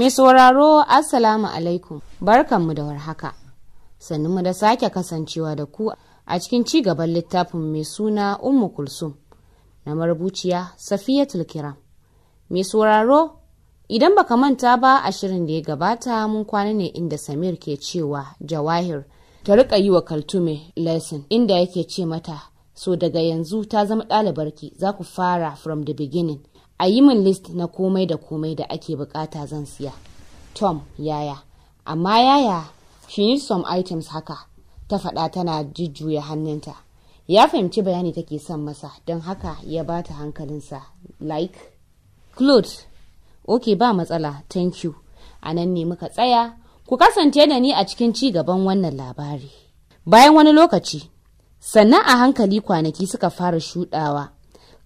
Mai sauraro Assalamu alaikum barkanmu da warhaka. mu da sake kasancewa da ku a cikin ci gaban littafin mai suna Ummu Kulsum na marubuciya safiya tulkira Mai sauraro idan baka manta ba a shirin da ya gabata mun kwana ne inda Samir ke cewa Jawahir ta rika yi wa Kaltume lesson inda yake ce mata so daga yanzu ta zama ɗalibarki za ku fara from the beginning a yi min list na komai da komai da ake bukata zan siya tom yaya amma yaya she needs some items haka ta faɗa tana jujjuya hannunta ya fahimci bayani take son masa don haka ya ba ta hankalinsa like clothes ok ba matsala thank you a nan ne muka tsaya ku kasance da ni a cikin ci gaban wannan labari bayan wani lokaci sannan a hankali kwanaki suka fara shudawa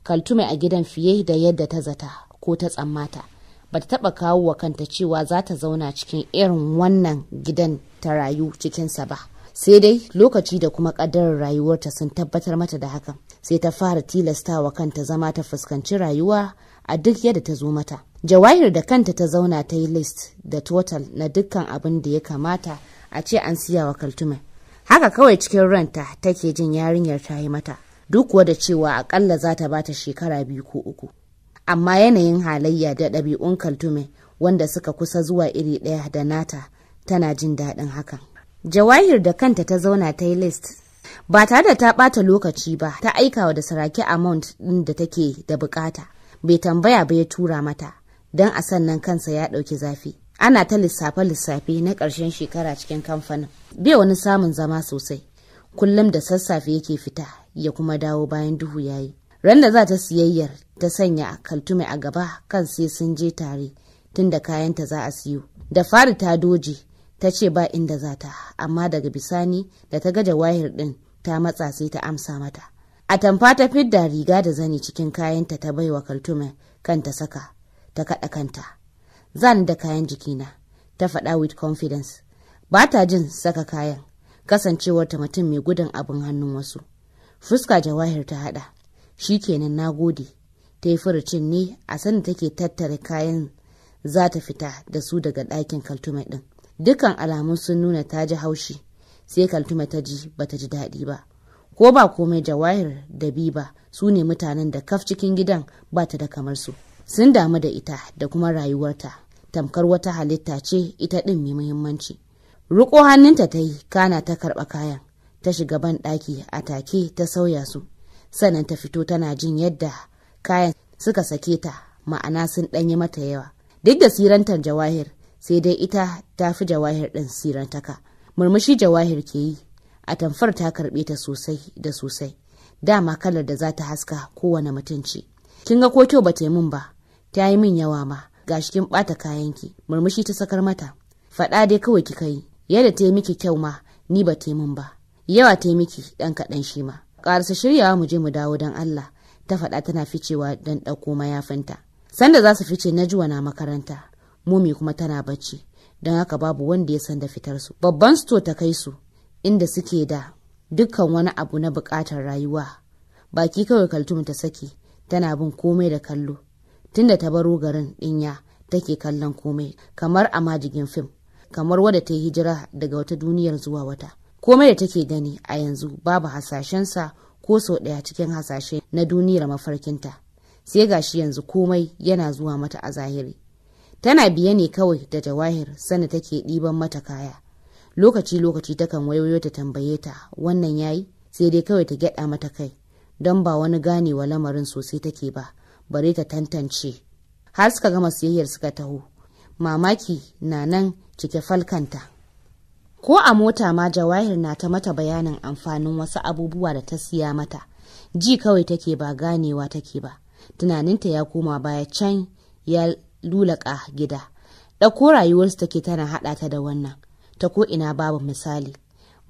kaltume a gidan fiye da yadda ta zata ko ta tsammata ba ta taba kawo wa kanta cewa za ta zauna cikin irin wannan gidan ta rayu cikinsa ba sai dai lokaci da kuma kadarin rayuwarta sun tabbatar mata da hakan sai ta fara tilasta wa kanta zama ta fuskanci rayuwa a duk yadda ta zo mata jawahir da kanta ta zauna ta yi list da total na dukkan abin da ya kamata a ce an siya wa kaltume haka kawai cikin ranta take jin yarinyar ta yi mata duk kuwa cewa akalla za ta bata shekara biyu ko uku. Amma yanayin halayya da ɗabi'un kaltume wanda suka kusa zuwa iri ɗaya da nata tana jin daɗin hakan. Jawahir da kanta ta zauna ta yi list ba tare da ta ɓata lokaci ba ta aika wa da saraki amount ɗin da take da bukata bai tambaya ba ya tura mata don a sannan kansa ya ɗauki zafi. Ana ta lissafe-lissafe na ƙarshen shekara cikin kamfanin bai wani samun zama sosai. kullum da sassafe yake fita ya kuma dawo bayan duhu yayi randa za ta siyayyar ta sanya kaltume a gaba kan sai sun je tare tunda kayanta za a siyo da fari ta doje ta ce ba inda za ta amma daga bisani da ta gaja wahir din ta matsa sai ta amsa mata a tamfa ta fidda riga da zani cikin kayanta ta bai baiwa kaltume kanta saka ta kaɗa kanta zan da kayan jikina ta faɗa with confidence ba ta jin saka kayan kasancewar ta mutum mai gudun abin hannun wasu fuska jawahir ta hada shi kenan na gode ta yi furucin ne a sanda take tattara kayan za ta fita da su daga ɗakin kaltume ɗin dukkan alamun sun nuna ta ji haushi sai kaltume ta ji ba ta ji daɗi ba ko ba komai jawahir da bi ba su ne mutanen da kaf cikin gidan ba ta da kamar su sun damu da ita da kuma rayuwarta tamkar wata halitta ce ita ɗin mai muhimmanci Ruko hannunta ta yi kana ta karɓa kayan, ta shiga ban ɗaki a take ta sauya su, sannan ta fito tana jin yadda kayan suka sake ta ma'ana sun ɗanyi mata yawa. Duk da sirantar jawahir sai dai ita ta fi jawahir ɗin sirantaka. Murmushi jawahir ke yi, a tamfar ta karɓe ta sosai da sosai. Dama kalar da za ta haska kowane mutunci. Kin ga ko kyau ba ta yi min ba, ta yi min yawa ma, gashi kin ɓata kayanki, murmushi ta sakar mata. Faɗa dai kawai kika yi, yadda ta yi miki kyau ma ni ba ta mun ba yawa ta yi miki ɗan kaɗan shi ma ƙarasa shiryawa mu je mu dawo don Allah ta faɗa tana ficewa don ɗauko mayafinta sanda za su fice na juwa na makaranta mumi kuma tana bacci don haka babu wanda ya san da fitar su babban sto ta kai su inda suke da dukkan wani abu na buƙatar rayuwa baki kawai kaltum ta saki tana bin komai da kallo tunda ta baro garin ɗinya take kallon komai kamar a majigin fim kamar wadda ta yi hijira daga wata duniyar zuwa wata komai da take gani a yanzu babu hasashensa ko sau ɗaya cikin hasashe na duniyar mafarkinta sai gashi yanzu komai yana zuwa mata a zahiri tana biye ne kawai da jawahir sani take ɗiban mata kaya lokaci lokaci takan wayoyo ta tambaye ta wannan yayi sai dai kawai ta gyaɗa mata kai don ba wani ganewa lamarin sosai take ba bare ta tantance har suka gama siyayyar suka taho mamaki na nan cike falkanta ko a mota ma jawahir na ta mata bayanin amfanin wasu abubuwa da ta siya mata ji kawai take ba ganewa take ba tunaninta ya koma baya can ya lulaka gida ɗauko rayuwarsu take tana haɗa ta da wannan ta ko ina babu misali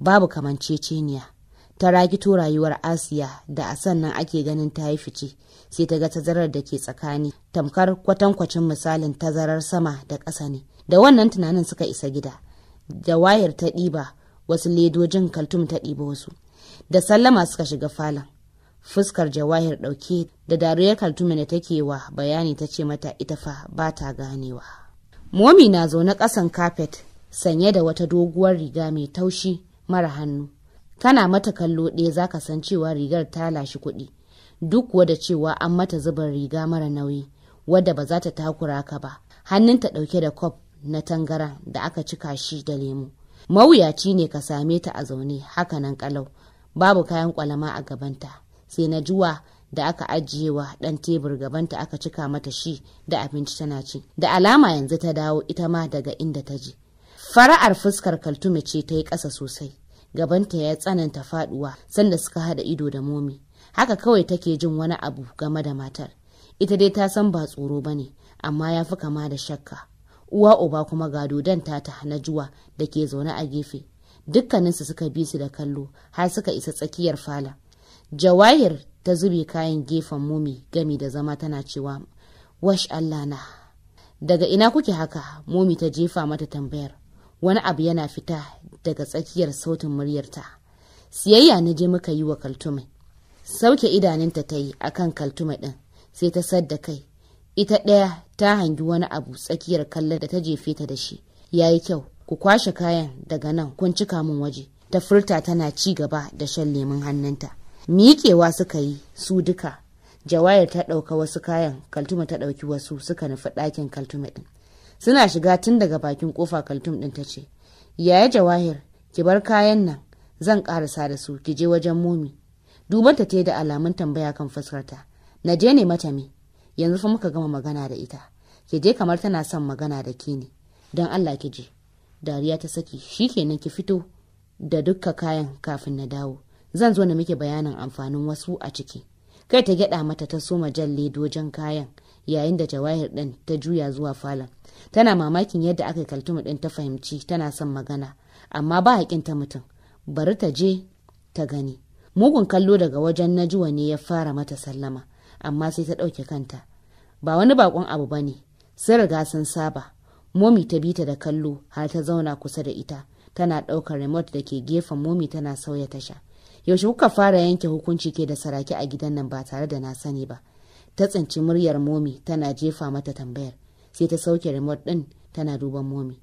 babu kamanceceniya ta ragito rayuwar asiya da a sannan ake ganin ta yi fice sai ta ga tazarar da ke tsakani tamkar kwatankwacin misalin tazarar sama da ƙasa ne da wannan tunanin suka isa gida da wayar ta ɗiba wasu ledojin kaltum ta ɗiba wasu da sallama suka shiga falon fuskar jawahir ɗauke da dariyar kaltume da take wa bayani ta ce mata ita fa ba ta ganewa momi na zaune ƙasan kafet sanye da wata doguwar riga mai taushi mara hannu kana mata kallo ɗaya za ka san cewa rigar ta lashe kuɗi duk wada cewa an mata zubar riga mara nauyi wadda ba za ta takura ka ba Hannun ta ɗauke da kwaf na tangara da aka cika shi da lemu mawuyaci ne ka same ta a zaune haka nan kalau babu kayan kwalama a gabanta sai na juwa da aka ajiyewa wa ɗan tebur gabanta aka cika mata shi da abinci tana ci da alama yanzu ta dawo ita ma daga inda ta je fara'ar fuskar kaltume ce ta yi ƙasa sosai gabanta ya tsananta faduwa sanda suka hada ido da momi haka kawai take jin wani abu game da matar ita dai ta san ba tsoro ba ne amma ya fi kama da shakka uwa uba kuma ga dodon tata na juwa da ke zaune a gefe dukkaninsu suka bi su da kallo har suka isa tsakiyar fala jawahir ta zube kayan gefen momi gami da zama tana cewa wash allah na daga ina kuke haka momi ta jefa mata tambayar wani abu yana fita daga tsakiyar sautin muryarta siyayya na je muka yi wa kaltume sauke idanunta ta yi a kan kaltume ɗin sai ta sadda kai ita ɗaya ta hangi wani abu tsakiyar kallon da ta jefe ta da shi ya yi kyau ku kwashe kayan daga nan kun cika min waje ta furta tana ci gaba da shan lemun hannunta miƙewa suka yi su duka jawayar ta ɗauka wasu kayan kaltuma ta ɗauki wasu suka nufi ɗakin kaltuma ɗin suna shiga tun daga bakin kofa kaltum ɗin ta ce yaya jawahir ki bar kayan nan zan karasa da su ki je wajen momi duban ta da alamun tambaya kan fuskarta na je ne mata me yanzu fa muka gama magana da ita ki je kamar tana son magana da ke ne don allah ki je dariya ta saki shikenan ki fito da dukka kayan kafin na dawo zan zo na miki bayanin amfanin wasu a ciki kai ta gyada mata ta soma jan ledojen kayan yayin da jawahir din ta juya zuwa falon tana mamakin yadda aka mu ɗin ta fahimci tana son magana amma ba haƙin ta mutum bari ta je ta gani mugun kallo daga wajen najuwa ne ya fara mata sallama amma sai ta ɗauke kanta ba wani bakon abu ba ne sun riga sun saba momi ta bi ta da kallo har ta zauna kusa da ita tana ɗaukar remote da ke gefen momi tana sauya tasha yaushe kuka fara yanke hukunci ke da saraki a gidan nan ba tare da na sani ba ta tsinci muryar momi tana jefa mata tambayar sai ta sauke remote din tana duban momi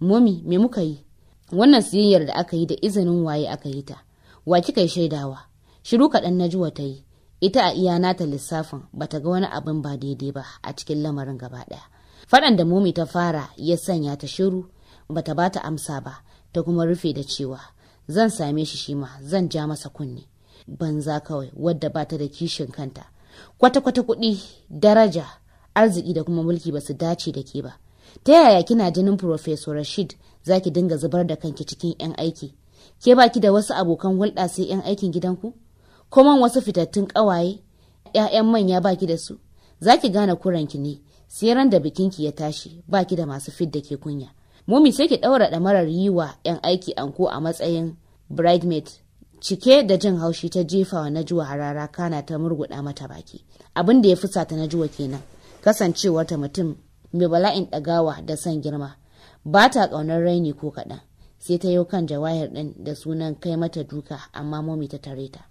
momi me muka yi wannan siyayyar da aka yi da izinin waye aka yi ta wa kika yi shaidawa shiru kaɗan na juwa ta yi ita a iya nata lissafin bata ga wani abin ba daidai ba a cikin lamarin gaba ɗaya faɗan da momi ta fara ya sanya ta shiru bata ba ta amsa ba ta kuma rufe da cewa zan same shi shima zan ja masa kunne banza kawai wadda bata da kishin kanta kwata-kwata kuɗi daraja arziki da kuma mulki ba su dace da ke ba ta yaya kina jinin professor rashid za ki dinga zubar da kanki cikin 'yan aiki ke baki da wasu abokan hulɗa sai 'yan aikin gidanku koman wasu fitattun ƙawaye 'ya'yan manya baki da su za ki gane kuranki ne sai ran da bikinki ya tashi baki da masu fidda ke kunya mumi sai ki ɗaura ɗamarar yi wa 'yan aiki anko a matsayin bridemaid cike da jin haushi ta jefa wa najuwa harara kana ta murguɗa mata baki abin da ya fusata najuwa kenan Kasancewar ta mutum mai bala'in ɗagawa da son girma ba ta ƙaunar raini ko kaɗan sai ta yau kan jawahir ɗin da sunan kai mata duka amma momi ta tare ta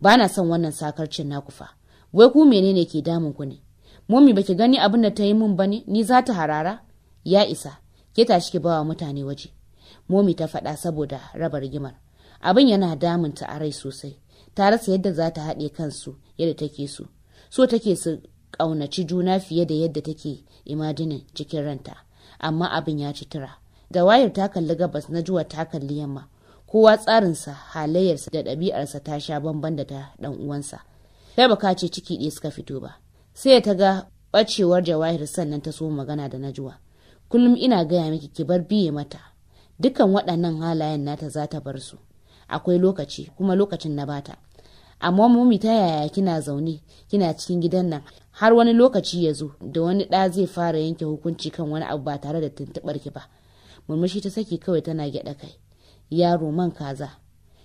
ba na son wannan sakarcin naku fa wai ku menene ke damun ku ne momi baki gani abin da ta yi mun ne? ni za ta harara ya isa ke tashi ki bawa mutane waje momi ta faɗa saboda raba rigimar abin yana damunta a rai sosai ta rasa yadda za ta haɗe kansu yadda take so so take su ƙaunaci juna fiye da yadda take imajinin cikin ranta amma abin ya ci tura da wayar ta kalli gabas na juwa ta kalli yamma kowa tsarinsa halayyarsa da ɗabi'arsa ta sha bamban da ta ɗan uwansa sai baka ce ciki ɗaya suka fito ba sai ta ga ɓacewar jawahir sannan ta so magana da najuwa kullum ina gaya miki ki bar biye mata Dukkan waɗannan halayen nata za ta bar su akwai lokaci kuma lokacin na bata amma mummi ta yaya kina zaune kina cikin gidan nan har wani lokaci ya zo da wani ɗa zai fara yanke hukunci kan wani abu ba tare da tuntuɓar ki ba murmushi ta saki kawai tana gyaɗa kai yaro man kaza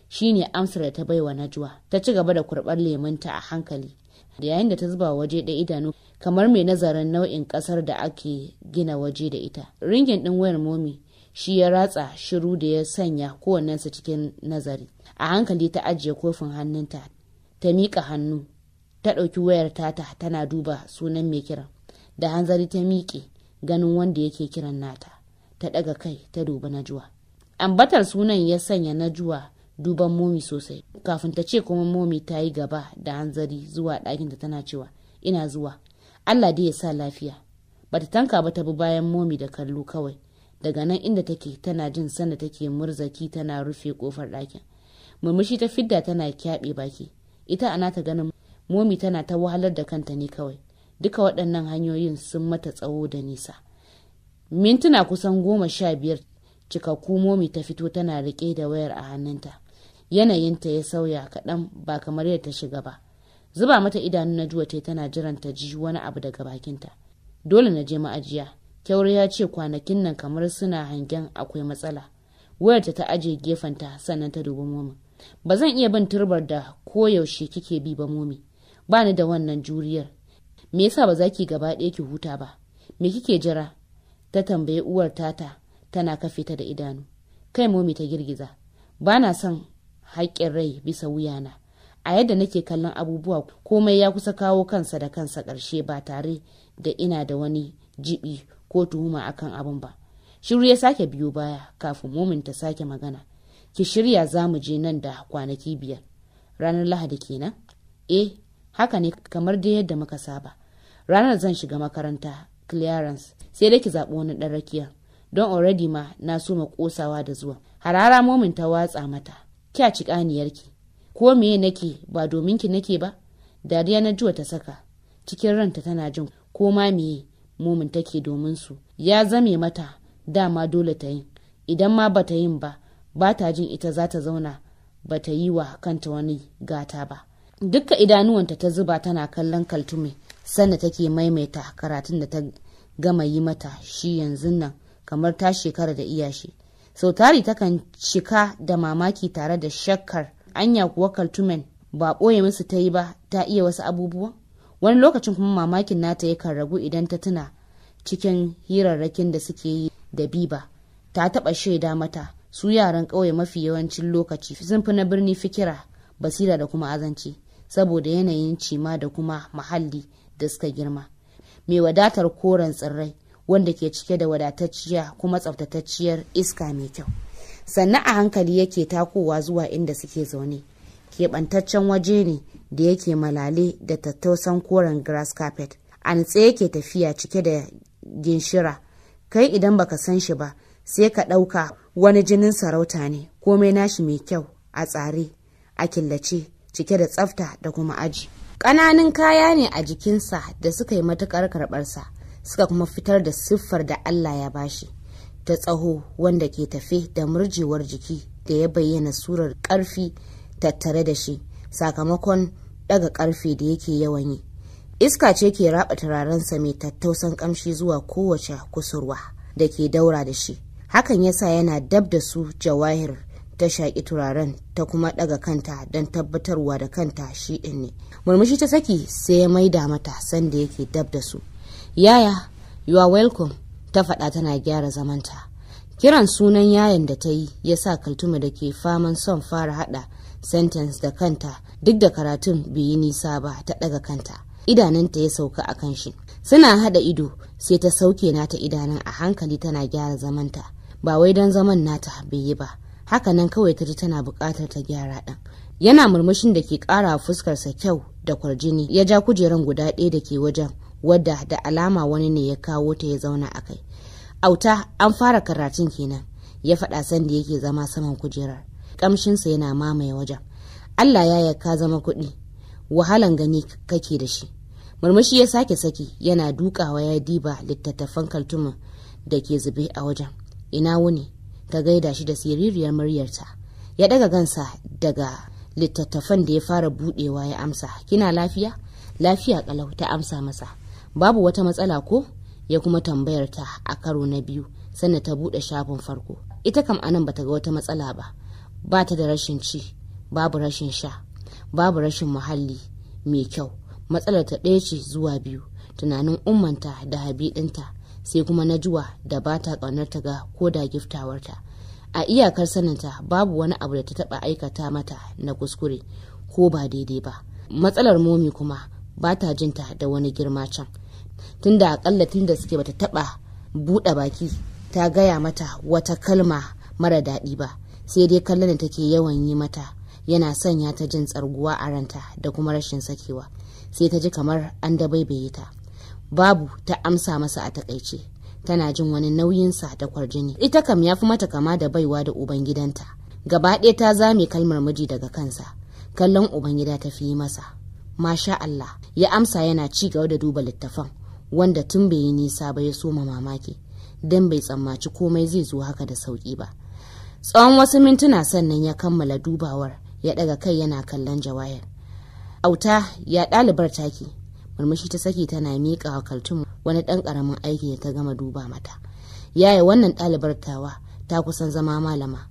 shine amsar da ta bai baiwa najwa ta ci gaba da kurɓar lemunta a hankali da yayin da ta zuba waje da idanu kamar mai nazarin nau'in ƙasar da ake gina waje da ita ringin ɗin wayar momi shi ya ratsa shiru da ya sanya kowannensa cikin nazari a hankali ta ajiye kofin hannunta ta miƙa hannu ta ɗauki wayar tata tana duba sunan mai kiran da hanzari ta miƙe ganin wanda yake kiran nata ta ɗaga kai ta duba najuwa ambatar sunan ya sanya na juwa duban momi sosai kafin ta ce kuma momi ta yi gaba da hanzari zuwa ɗakin ta tana cewa ina zuwa allah dai ya sa lafiya bata tanka ba ta bi bayan momi da kallo kawai daga nan inda take tana jin sanda take murzaki tana rufe kofar ɗakin murmushi ta fidda tana kyaɓe baki ita ana ta ganin momi tana ta wahalar da kanta ne kawai duka waɗannan hanyoyin sun mata tsawo da nisa mintuna kusan goma sha biyar cikakku momi ta fito tana rike da wayar a hannunta yanayinta ya sauya kaɗan ba kamar yadda ta shiga ba zuba mata idanu na juwa ta tana jiran ta ji wani abu daga bakinta dole na je ma'ajiya kyaure ya ce kwanakin nan kamar suna hangen akwai matsala wayarta ta aje gefenta sannan ta dubi momin ba zan iya bin turbar da koyaushe kike bi ba momi ba ni da wannan juriyar me yasa ba za ki gaba ɗaya ki huta ba me kike jira ta tambayi uwar tata tana kafe ta da idanu kai momi ta girgiza ba na son haƙƙin rai bisa wuyana a yadda nake kallon abubuwa komai ya kusa kawo kansa da kansa ƙarshe ba tare da ina da wani jibi ko tuhuma akan abin ba shiru ya sake biyo baya kafin momin ta sake magana ki shirya za mu je nan da kwanaki biyar ranar lahadi kenan eh haka ne kamar dai yadda muka saba ranar zan shiga makaranta clearance sai dai ki zaɓi wani ɗan rakiyar don already ma na so ma kosawa da zuwa harara momin ta watsa mata kya ci ƙaniyarki ko meye nake ba domin ki nake ba dariya na juwa ta saka cikin ranta tana jin ko ma meye momin take domin su ya zame mata dama dole ta yin idan ma bata yin ba ba ta jin ita za ta zauna bata yi wa kanta wani gata ba dukka idanuwanta ta zuba tana kallon kaltume sanda take maimaita karatun da ta gama yi mata shi yanzu nan kamar ta shekara da iyashi sau tari takan cika da mamaki tare da shakkar anya kuwa kaltumen ba ɓoye musu ta yi ba ta iya wasu abubuwa wani lokacin kuma mamakin nata yakan ragu idan ta tuna cikin hirarrakin da suke yi da biba ta taɓa shaida mata su yaran ƙauye mafi yawancin lokaci sun fi na birni fikira basira da kuma azanci saboda yanayin cima da kuma muhalli da suka girma mai wadatar koren tsirrai wanda ke cike da wadatacciya kuma tsaftatacciyar iska mai kyau sannan a hankali yake takowa zuwa inda suke zaune keɓantaccen waje ne da yake malale da tattausan koren grass carpet a yake tafiya cike da ginshira kai idan baka san shi ba sai ka ɗauka wani jinin sarauta ne komai nashi mai kyau a tsare a killace cike da tsafta da kuma aji ƙananun kaya ne a jikinsa da suka yi matuƙar karɓarsa suka kuma fitar da siffar da allah ya bashi ta tsaho wanda ke tafe da murjewar jiki da ya bayyana surar ƙarfi tattare da shi sakamakon ɗaga ƙarfe da yake yawan yi iska ce ke raba turarensa mai tattausan ƙamshi zuwa kowace kusurwa da ke daura da shi hakan yasa yana dab da su jawahir ta shaki turaren ta kuma ɗaga kanta don tabbatarwa da kanta shi ɗin ne murmushi ta saki sai ya maida mata sanda yake dab da su yaya you are welcome ta faɗa tana gyara zamanta kiran sunan yayan da ta yi ya sa kaltuma da ke faman son fara haɗa sentence da kanta duk da karatun biyi nisa ba ta ɗaga kanta idanunta ya sauka a kan shi suna haɗa ido sai ta sauke nata idanun a hankali tana gyara zamanta ba wai don zaman nata bai ba haka nan kawai ta ji tana buƙatar ta gyara ɗan yana murmushin da ke ƙara fuskarsa kyau da kwarjini ya ja kujeran guda ɗaya da ke wajen wadda da alama wani ne ya kawo ta ya zauna a kai auta an fara karatun kenan ya faɗa sanda yake zama saman kujerar ƙamshinsa yana mamaye wajen allah ya yaka zama kuɗi wahalan gani kake da shi murmushi ya sake saki yana dukawa ya diba littattafan kaltumin da ke zube a wajen ina wuni ta gaida shi da siririyar muryarta ya daga gansa daga littattafan da ya fara budewa ya amsa kina lafiya lafiya kalau ta amsa masa babu wata matsala ko ya kuma tambayar ta a karo na biyu sannan ta bude shafin farko ita kam anan bata ga wata matsala ba ba ta da rashin ci babu rashin sha babu rashin muhalli mai kyau matsalar ta ɗaya ce zuwa biyu tunanin ummanta da habidinta sai kuma na juwa da ba ta ƙaunar ta ga ko da giftawarta a iyakar saninta babu wani abu da ta taɓa aikata mata na kuskure ko ba daidai ba matsalar momi kuma ba ta jinta da wani girma can tun tunda akalla da suke bata taɓa buɗe baki ta gaya mata wata kalma mara daɗi ba sai dai kallon da take yawan yi mata yana sanya ta jin tsarguwa a ranta da kuma rashin sakewa sai ta ji kamar an dabaibaye ta babu ta amsa masa a takaice tana jin wani nauyin sa da kwarjini ita kam ya fi mata kama da baiwa da ubangidanta gaba ɗaya ta zame kalmar miji daga kansa kallon ubangida ta fi masa masha Allah ya amsa yana ci gaba da duba littafan wanda tun bai yi nisa ba ya soma mamaki don bai tsammaci komai zai zo haka da sauki ba tsawon wasu mintuna sannan ya kammala dubawar ya daga kai yana kallon jawahir auta ya ɗalibar taki murmushi ta saki tana miƙa wa kaltun wani ɗan ƙaramin aiki da ta gama duba mata yaya wannan ɗalibar tawa ta kusan zama malama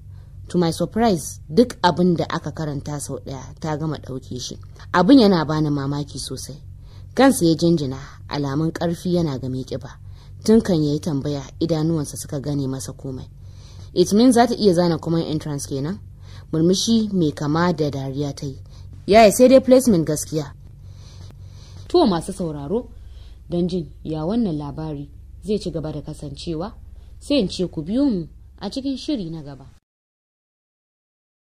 to my surprise duk abin da aka karanta sau ɗaya ta gama ɗauke shi abin yana bani mamaki sosai kansa ya jinjina alamun ƙarfi yana ga ƙiba tun kan ya yi tambaya idanuwansa suka gane masa komai it means za ta iya zana kuma entrance kenan murmushi mai kama da dariya ta yi yaya sai dai placement gaskiya To masu sauraro don jin ya wannan labari zai ci gaba da kasancewa sai in ce ku biyo mu a cikin shiri na gaba.